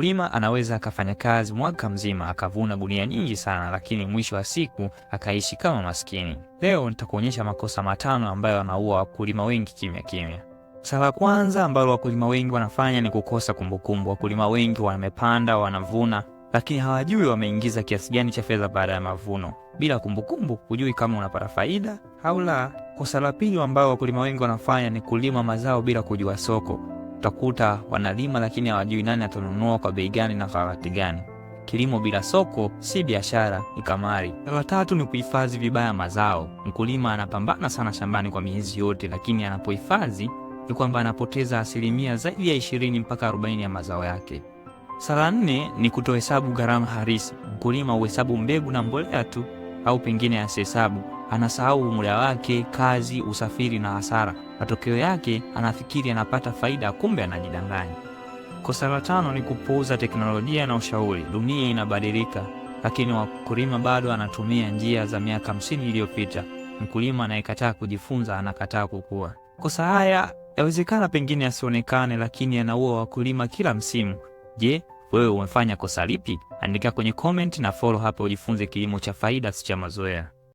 Mkulima anaweza akafanya kazi mwaka mzima akavuna gunia nyingi sana, lakini mwisho wa siku akaishi kama maskini. Leo nitakuonyesha makosa matano ambayo yanaua wakulima wengi kimya kimya. Kosa la kwanza ambalo wakulima wengi wanafanya ni kukosa kumbukumbu. Wakulima wengi wamepanda, wanavuna, lakini hawajui wameingiza kiasi gani cha fedha baada ya mavuno. Bila kumbukumbu, hujui kama unapata faida au la. Kosa la pili ambalo wakulima wengi wanafanya ni kulima mazao bila kujua soko utakuta wanalima lakini hawajui nani atanunua kwa bei gani na kwa wakati gani. Kilimo bila soko si biashara, ni kamari. La tatu ni kuhifadhi vibaya mazao. Mkulima anapambana sana shambani kwa miezi yote, lakini anapohifadhi ni kwamba anapoteza asilimia zaidi ya 20 mpaka 40 ya mazao yake. Sala nne ni kutohesabu gharama halisi. Mkulima huhesabu mbegu na mbolea tu, au pengine asihesabu, anasahau muda wake, kazi, usafiri na hasara. Matokeo yake anafikiri anapata faida, kumbe anajidanganya. Kosa la tano ni kupuuza teknolojia na ushauri. Dunia inabadilika, lakini wakulima bado anatumia njia za miaka hamsini iliyopita. Mkulima anayekataa kujifunza anakataa kukua. Kosa haya yawezekana pengine yasionekane, lakini yanaua wakulima kila msimu. Je, wewe umefanya kosa lipi? Andika kwenye comment na follow hapa ujifunze kilimo cha faida, si cha mazoea.